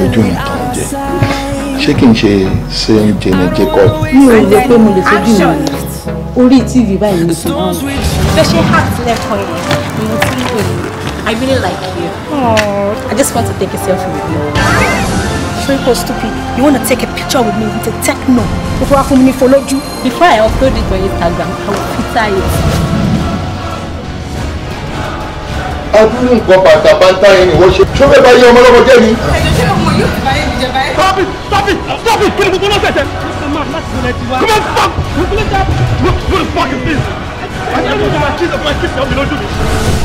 lójú yẹn tó jẹ ṣé kí n ṣe ṣe ń jẹ ní mi ò rò pé mo lè fojú mi orí tv báyìí ní sùn náà. heart lẹ́kọ̀ọ́ yẹn ni mo ti ń wò I really like you. Aww. I just want to take a selfie with you. Triple stupid. You wanna take a picture with me with a techno? Before I phone me for lójú. Before I upload it on Instagram, I will filter it adúlù nǹkan bàtà bàtà yẹn ni wọ́n ṣe ṣó bá yẹ ọmọ lọ́wọ́ jẹ́ ni. ẹ̀jọ̀ ṣé ọmọ yóò ti bá yẹ mi jẹ stop it stop it stop it kí ni gbogbo náà ṣẹ̀ṣẹ̀. come on stop. look look at this. I tell you my kids my kids tell me no do